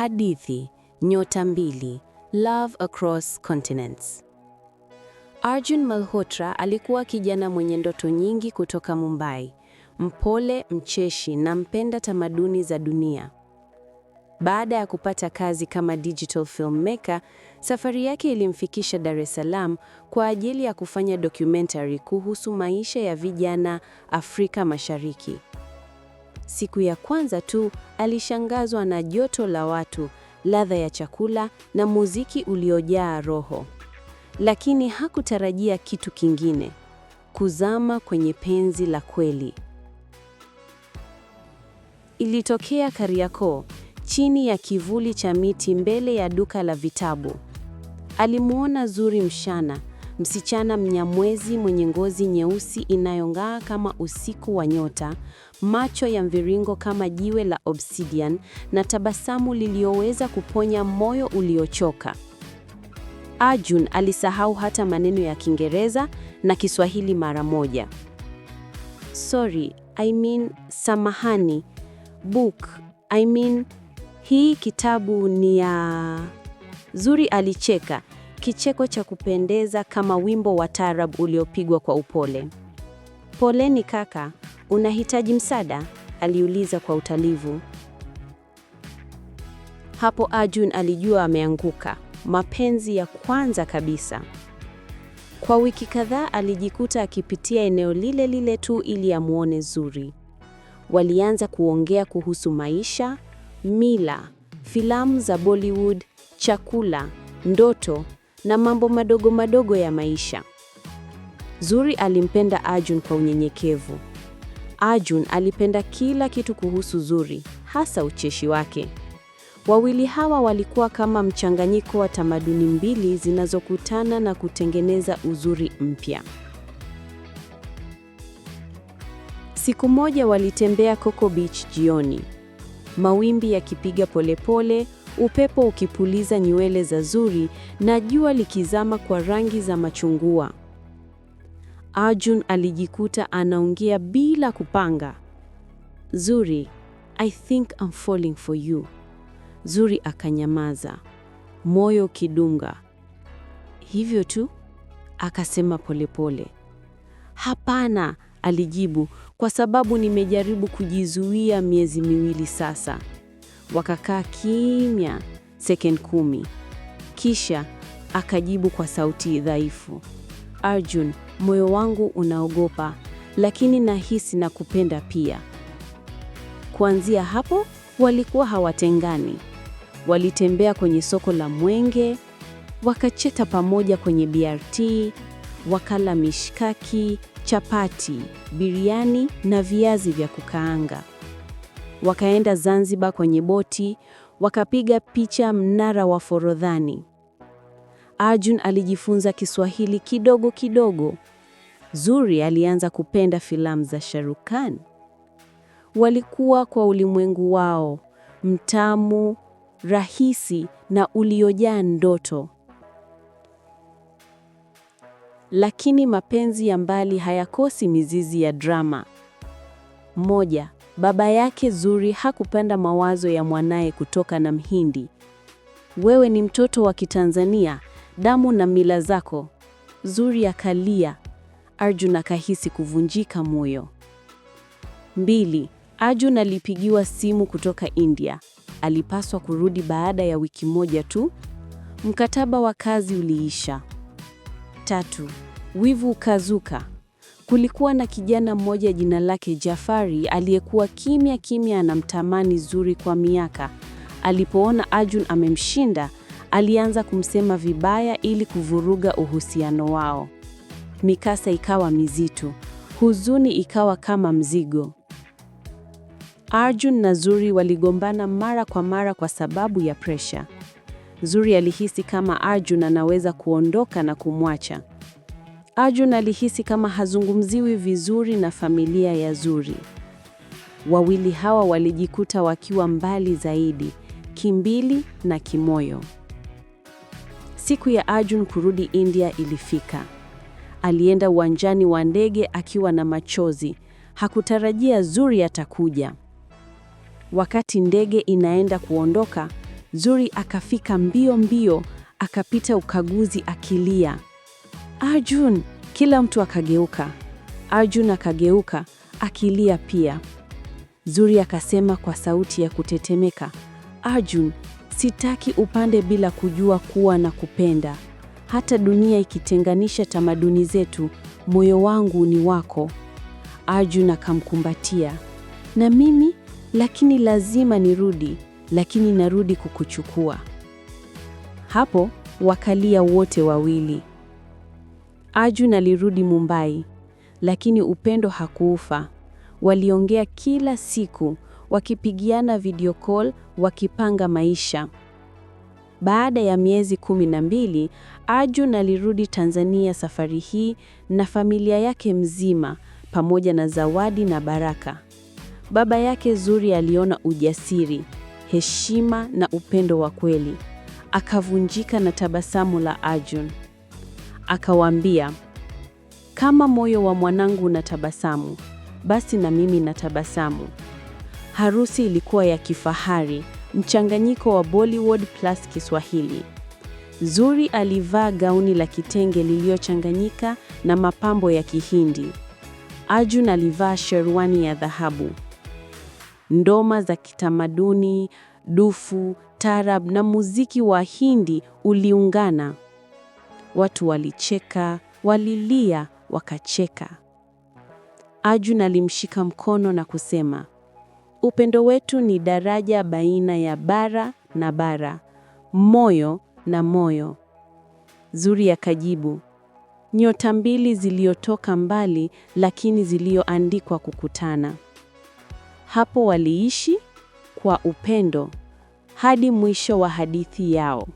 Hadithi: Nyota Mbili, Love Across Continents. Arjun Malhotra alikuwa kijana mwenye ndoto nyingi kutoka Mumbai, mpole, mcheshi na mpenda tamaduni za dunia. Baada ya kupata kazi kama digital filmmaker, safari yake ilimfikisha Dar es Salaam kwa ajili ya kufanya documentary kuhusu maisha ya vijana Afrika Mashariki. Siku ya kwanza tu alishangazwa na joto la watu, ladha ya chakula na muziki uliojaa roho. Lakini hakutarajia kitu kingine, kuzama kwenye penzi la kweli. Ilitokea Kariakoo, chini ya kivuli cha miti mbele ya duka la vitabu. Alimuona Zuri mshana msichana mnyamwezi mwenye ngozi nyeusi inayong'aa kama usiku wa nyota, macho ya mviringo kama jiwe la obsidian na tabasamu liliyoweza kuponya moyo uliochoka. Arjun alisahau hata maneno ya Kiingereza na Kiswahili mara moja. Sorry, I mean samahani. Book, I mean hii kitabu ni ya... Zuri alicheka kicheko cha kupendeza kama wimbo wa taarab uliopigwa kwa upole. Poleni kaka, unahitaji msaada? aliuliza kwa utulivu. Hapo Arjun alijua ameanguka, mapenzi ya kwanza kabisa. Kwa wiki kadhaa alijikuta akipitia eneo lile lile tu ili amuone Zuri. Walianza kuongea kuhusu maisha, mila, filamu za Bollywood, chakula, ndoto na mambo madogo madogo ya maisha. Zuri alimpenda Arjun kwa unyenyekevu. Arjun alipenda kila kitu kuhusu Zuri, hasa ucheshi wake. Wawili hawa walikuwa kama mchanganyiko wa tamaduni mbili zinazokutana na kutengeneza uzuri mpya. Siku moja walitembea Coco Beach jioni, mawimbi yakipiga polepole upepo ukipuliza nywele za Zuri na jua likizama kwa rangi za machungua Arjun alijikuta anaongea bila kupanga. Zuri, I think I'm falling for you. Zuri akanyamaza, moyo kidunga. Hivyo tu? Akasema polepole. Hapana, alijibu, kwa sababu nimejaribu kujizuia miezi miwili sasa. Wakakaa kimya second kumi, kisha akajibu kwa sauti dhaifu, Arjun, moyo wangu unaogopa, lakini nahisi na kupenda pia. Kuanzia hapo walikuwa hawatengani. Walitembea kwenye soko la Mwenge, wakacheta pamoja kwenye BRT, wakala mishkaki, chapati, biriani na viazi vya kukaanga wakaenda Zanzibar kwenye boti, wakapiga picha mnara wa Forodhani. Arjun alijifunza Kiswahili kidogo kidogo. Zuri alianza kupenda filamu za Shahrukh Khan. Walikuwa kwa ulimwengu wao mtamu, rahisi na uliojaa ndoto. Lakini mapenzi ya mbali hayakosi mizizi ya drama. Moja, Baba yake Zuri hakupenda mawazo ya mwanaye kutoka na Mhindi. Wewe ni mtoto wa Kitanzania, damu na mila zako. Zuri akalia. Arjun akahisi kuvunjika moyo. Mbili, Arjun alipigiwa simu kutoka India. Alipaswa kurudi baada ya wiki moja tu. Mkataba wa kazi uliisha. Tatu, wivu ukazuka. Kulikuwa na kijana mmoja jina lake Jafari aliyekuwa kimya kimya anamtamani Zuri kwa miaka. Alipoona Arjun amemshinda, alianza kumsema vibaya ili kuvuruga uhusiano wao. Mikasa ikawa mizito, huzuni ikawa kama mzigo. Arjun na Zuri waligombana mara kwa mara kwa sababu ya presha. Zuri alihisi kama Arjun anaweza kuondoka na kumwacha. Arjun alihisi kama hazungumziwi vizuri na familia ya Zuri. Wawili hawa walijikuta wakiwa mbali zaidi, kimbili na kimoyo. Siku ya Arjun kurudi India ilifika. Alienda uwanjani wa ndege akiwa na machozi. Hakutarajia Zuri atakuja. Wakati ndege inaenda kuondoka, Zuri akafika mbio mbio, akapita ukaguzi akilia. Arjun! Kila mtu akageuka. Arjun akageuka akilia pia. Zuri akasema kwa sauti ya kutetemeka, Arjun, sitaki upande bila kujua kuwa na kupenda. Hata dunia ikitenganisha tamaduni zetu, moyo wangu ni wako. Arjun akamkumbatia. Na mimi lakini lazima nirudi, lakini narudi kukuchukua. Hapo wakalia wote wawili. Arjun alirudi Mumbai, lakini upendo hakuufa. Waliongea kila siku, wakipigiana video call, wakipanga maisha. Baada ya miezi kumi na mbili, Arjun alirudi Tanzania safari hii na familia yake mzima pamoja na Zawadi na Baraka. Baba yake Zuri aliona ujasiri, heshima na upendo wa kweli. Akavunjika na tabasamu la Arjun akawaambia, kama moyo wa mwanangu unatabasamu, basi na mimi natabasamu. Harusi ilikuwa ya kifahari, mchanganyiko wa Bollywood plus Kiswahili. Zuri alivaa gauni la kitenge liliyochanganyika na mapambo ya Kihindi. Arjun alivaa sherwani ya dhahabu. Ndoma za kitamaduni, dufu, tarab na muziki wa Hindi uliungana. Watu walicheka, walilia, wakacheka. Arjun alimshika mkono na kusema, upendo wetu ni daraja baina ya bara na bara, moyo na moyo. Zuri akajibu, nyota mbili ziliyotoka mbali lakini ziliyoandikwa kukutana. Hapo waliishi kwa upendo hadi mwisho wa hadithi yao.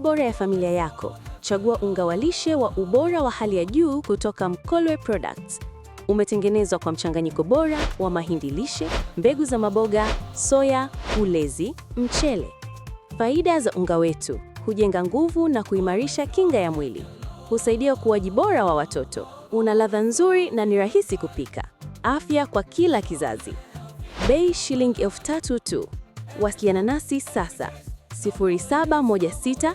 bora ya familia yako, chagua unga wa lishe wa ubora wa hali ya juu kutoka Mkolwe Products. Umetengenezwa kwa mchanganyiko bora wa mahindi lishe, mbegu za maboga, soya, ulezi, mchele. Faida za unga wetu: hujenga nguvu na kuimarisha kinga ya mwili, husaidia ukuaji bora wa watoto, una ladha nzuri na ni rahisi kupika, afya kwa kila kizazi. Bei shilingi elfu tatu tu. Wasiliana nasi sasa 0716